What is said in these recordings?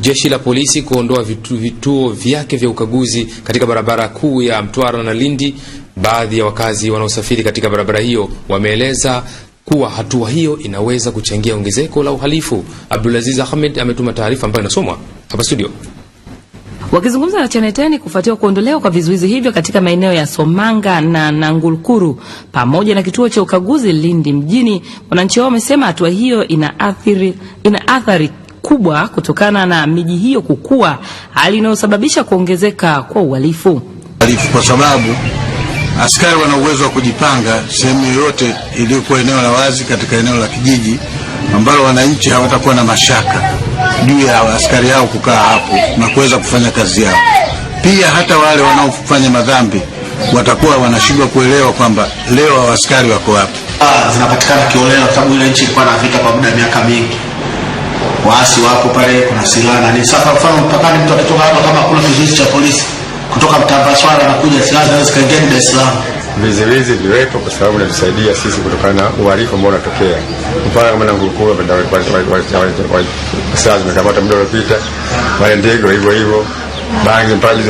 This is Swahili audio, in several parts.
jeshi la polisi kuondoa vitu, vituo vyake vya ukaguzi katika barabara kuu ya Mtwara na Lindi. Baadhi ya wakazi wanaosafiri katika barabara hiyo wameeleza kuwa hatua hiyo inaweza kuchangia ongezeko la uhalifu. Abdulaziz Ahmed ametuma taarifa ambayo inasomwa hapa studio. Wakizungumza na Channel 10 kufuatia kuondolewa kwa vizuizi hivyo katika maeneo ya Somanga na Nangulkuru pamoja na kituo cha ukaguzi Lindi mjini, wananchi wao wamesema hatua hiyo ina athari ina athari kubwa kutokana na miji hiyo kukua, hali inayosababisha kuongezeka kwa uhalifu. Kwa sababu askari wana uwezo wa kujipanga sehemu yoyote iliyokuwa eneo la wazi katika eneo la kijiji ambalo wananchi hawatakuwa na mashaka juu ya askari hao kukaa hapo na kuweza kufanya kazi yao. Pia hata wale wanaofanya madhambi watakuwa wanashindwa kuelewa kwamba leo askari wako wapi. Ah, zinapatikana kiolela, kwa sababu ile nchi ilikuwa na vita kwa muda wa miaka mingi waasi wapo pale, kuna silaha na Sasa mfano mpakani, mtu akitoka hapa, kama kuna kizuizi cha polisi kutoka mtambaswala na kuja, silaha zinaweza kaingia Dar es Salaam. viwepo kwa sababu inatusaidia sisi kutokana na uhalifu ambao unatokea. mpaka kama na Ngulukulu, silaha zimekamata muda uliopita, wale Ndego hivyo hivyo bangi mpaji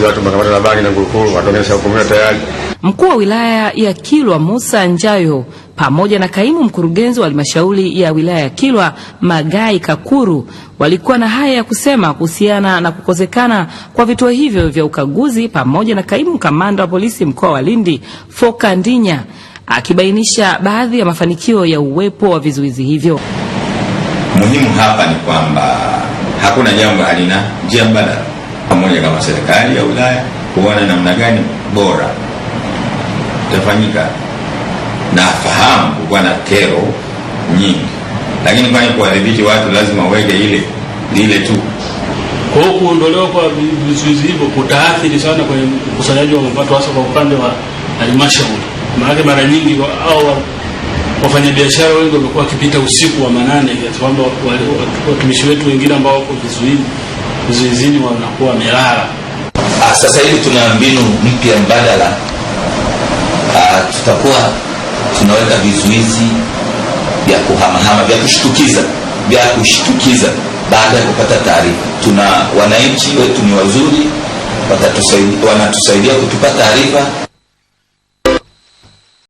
za watu makamata na bangi na ngurukuru watu wameshahukumiwa tayari. Mkuu wa wilaya ya Kilwa Musa Njayo pamoja na kaimu mkurugenzi wa halmashauri ya wilaya ya Kilwa Magai Kakuru walikuwa na haya ya kusema kuhusiana na kukosekana kwa vituo hivyo vya ukaguzi, pamoja na kaimu kamanda wa polisi mkoa wa Lindi Foka Ndinya akibainisha baadhi ya mafanikio ya uwepo wa vizuizi hivyo. Muhimu hapa ni kwamba hakuna jambo halina njia mbadala pamoja kama serikali ya ulaya kuona namna gani bora itafanyika, na fahamu kukuwa na kero nyingi, lakini kwani kuwadhibiti watu lazima uweke ile lile tu. Kwa hiyo kuondolewa kwa vizuizi hivyo kutaathiri sana kwenye ukusanyaji wa mapato, hasa kwa upande wa halmashauri. Maanake mara nyingi au wafanyabiashara wengi wamekuwa wakipita usiku wa manane, kiasi kwamba watumishi wetu wengine ambao wako vizuizi zoezini wanakuwa wamelala. Ah, sasa hivi tuna mbinu mpya mbadala. Ah, tutakuwa tunaweka vizuizi vya kuhamahama vya kushtukiza vya kushtukiza baada ya kupata taarifa. Tuna wananchi wetu ni wazuri, watatusaidia, wanatusaidia kutupa taarifa.